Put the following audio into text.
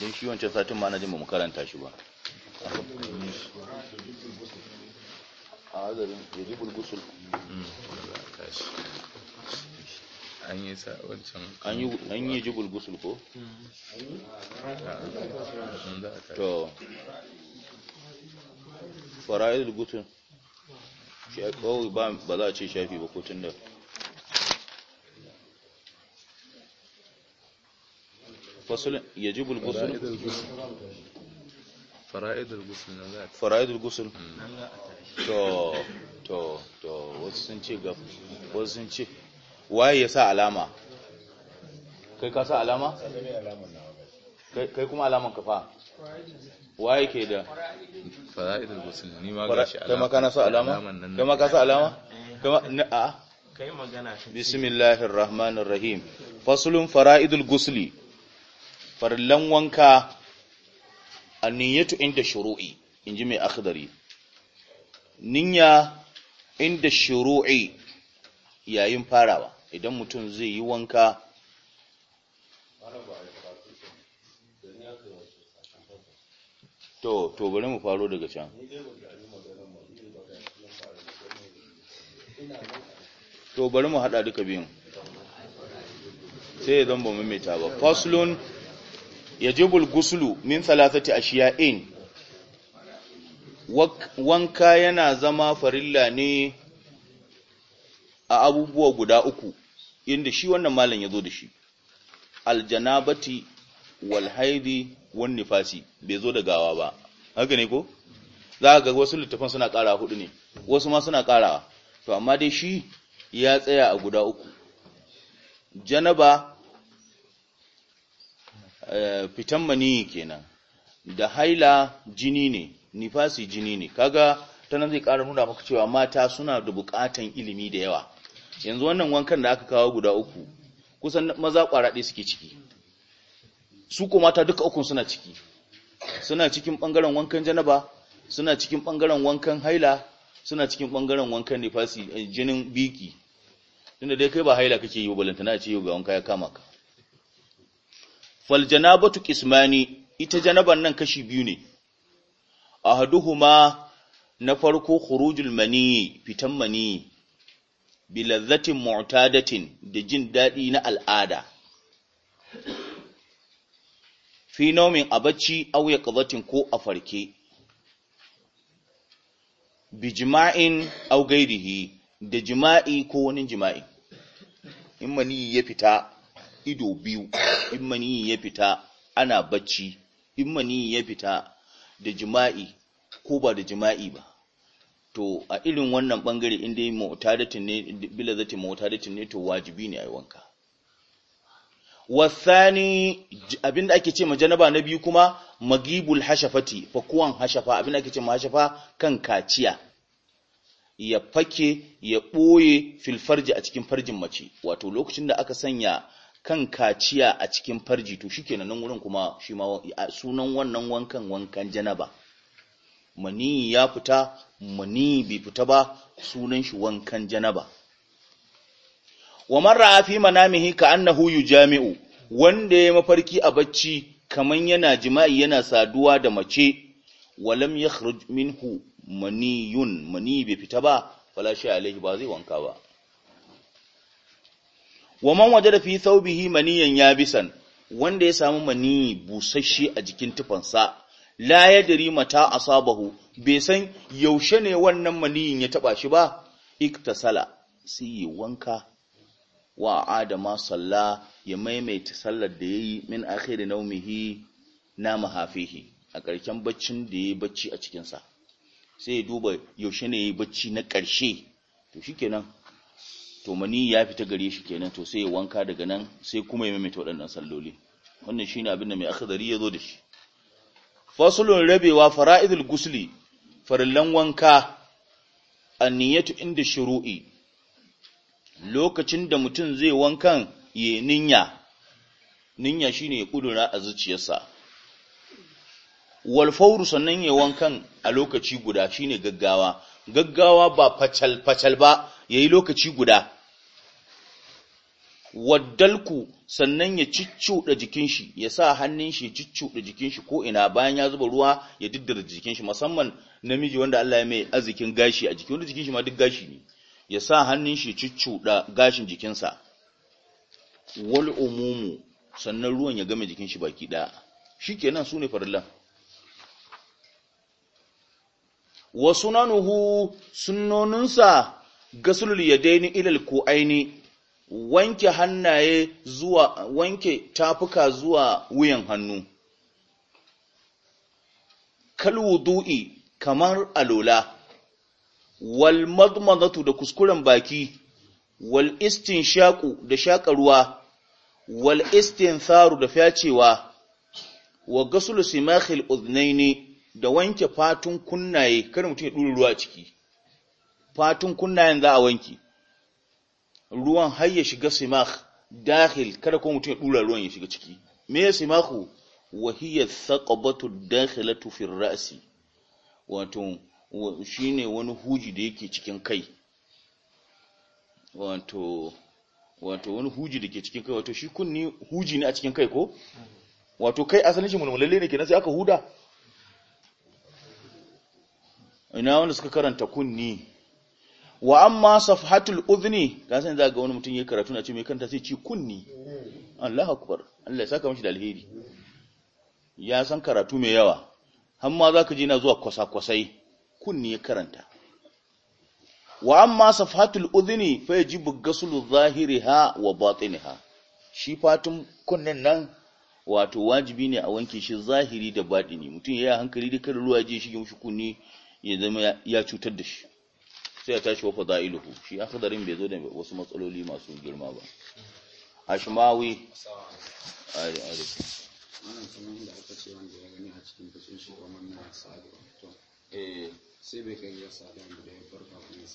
don shi wancan satin ma na jin ba mu karanta shi ba a hadarin yaji bulgusul hmm. an yi sa wancan an yi ji bulgusul ko? to fara'idul gusul shi a kawai ba za a ce shafi ba ko tun da fasulun yajibul ghusl fara'idul ghusl fara'idul ghusl to wasu sun ce ga ya sa alama kai ka sa alama kai kuma alaman ka waye ke da fara'idul ghusl ni ma gashi alama kai ma kana sa alama kai ka sa alama kai bismillahir rahmanir rahim faslun fara'idul ghusli farlan wanka a niyyatu inda shuru'i in ji mai akhdari niyya inda shuru'i yayin farawa idan mutum zai yi wanka to to bari mu faro daga can to bari mu hada duka biyun sai ya zan ba maimaita ba faslun yajibul guslu min thalathati ashiya'in wanka yana zama farilla ne a abubuwa guda uku inda shi wannan malam yazo da shi aljanabati wal haidi wan nifasi bai zo da gawa ba haka ne ko za ga wasu littafan suna ƙara hudu ne wasu ma suna ƙarawa to amma dai shi ya tsaya a guda uku janaba Eh, fitan mani kenan da haila jini ne nifasi jini ne kaga ta zai ƙara nuna maka cewa mata suna da buƙatan ilimi da yawa yanzu wannan wankan da aka kawo guda uku kusan maza ƙwara suke ciki su ko mata duka ukun suna ciki suna cikin ɓangaren wankan janaba suna cikin ɓangaren wankan haila suna cikin ɓangaren wankan nifasi eh, jinin biki tunda dai kai ba haila kake yi ba balantana ce yau ga wanka ya kama ka Faljanabatu janabatu qismani ita janaban nan kashi biyu ne ahaduhuma na farko khurujul mani fitan mani bi ladhatin mu'tadatin da jin dadi na al'ada fi nomin a bacci aw yaqzatin ko a farke bi jima'in aw gairihi da jima'i ko wani jima'i in mani ya fita ido biyu in mani ya fita ana bacci in mani ya fita da jima'i ko ba da jima'i ba to a irin wannan bangare inda yi mautadatin ne bila zati mautadatin ne to wajibi ne yi wanka wasani abinda ake ce ma janaba na biyu kuma magibul hashafati fakuwan hashafa abinda ake ce ma hashafa kan kaciya ya fake ya ɓoye filfarji a cikin farjin mace wato lokacin da aka sanya kan kaciya a cikin farji to kenan nan wurin kuma shi ma sunan wannan wankan wankan janaba mani ya fita mani bai fita ba sunan shi wankan janaba wa marra fi manamihi ka annahu yujami'u wanda ya mafarki a bacci kaman yana jima'i yana saduwa da mace walam yakhruj minhu maniyun mani bai fita ba fala shi alaihi ba zai wanka ba wa man wajada fi thawbihi maniyan yabisan wanda ya samu mani busasshe a jikin tufansa la yadri mata asabahu bai san yaushe ne wannan maniyin ya taba shi ba iktasala sai wanka wa adama salla ya maimaita sallar da yayi min akhir naumihi na mahafihi a ƙarshen baccin da yayi bacci a cikin sa sai ya duba yaushe ne yayi bacci na ƙarshe to shikenan to mani ya fita gare shi kenan to sai ya wanka daga nan sai kuma ya maimaita waɗannan salloli wannan shine abin da mai akhdari ya zo da shi fasulun rabewa fara'idul gusli farillan wanka anniyatu inda shiru'i. lokacin da mutum zai wankan ya ninya ninya shine ya kudura a zuciyarsa wal fawru sannan ya wankan a lokaci guda shine gaggawa gaggawa ba facal facal ba yayi lokaci guda waddalku sannan ya ciccuɗa jikin shi ya sa hannun shi ya ciccuɗa jikin shi ko bayan ya zuba ruwa ya diddara jikin shi musamman namiji wanda Allah ya mai arzikin gashi a jikin wanda jikin shi ma duk gashi ne ya sa hannun shi ya ciccuɗa gashin jikinsa wal umumu sannan ruwan ya game jikin shi baki ɗaya Shi nan su ne farillan Wasu nanuhu sunnoninsa gasulul yadaini ilal ku'aini wanke hannaye zuwa wanke tafuka zuwa wuyan hannu kal wudu'i kamar alola wal madmadatu da kuskuren baki wal istinshaqu da shakarwa wal istintharu da fyacewa wa gasulu simakhil udnaini da wanke fatun kunnaye kar mutum ya dura ruwa ciki fatun kunnayen za a wanki ruwan har ya shiga simakh dakhil kada ko mutum ya dura ruwan ya shiga ciki me ya simakhu wa hiya thaqabatu dakhilatu fi ra'si wato shine wani huji da yake cikin kai wato wato wani huji da ke cikin kai wato shi kunni huji ne a cikin kai ko wato kai asalin shi mulmulalle ne kenan sai aka huda ina wanda suka karanta kunni wa amma safhatul udhni ka san za ga wani mutum ya karatu na ce me kanta sai ci kunni Allahu akbar Allah ya saka mishi da alheri ya san karatu mai yawa har ma zaka ji na zuwa kwasa-kwasai kunni ya karanta wa amma safhatul udhni fa yajibu zahiri zahiriha wa batiniha shi fatun kunnin nan wato wajibi ne a wanke shi zahiri da batini mutum ya hankali da kar ruwa je shige mushi kunni ya zama ya cutar da shi sai ya tashi wa fada'iluhu shi akhdarin bai zo da wasu matsaloli masu girma ba ashmawi ari ari wannan kamar da aka ce wanda ya gani a cikin fushin shi kamar na sa'adu to eh sai bai kai ya sa'adu da ya farka kuma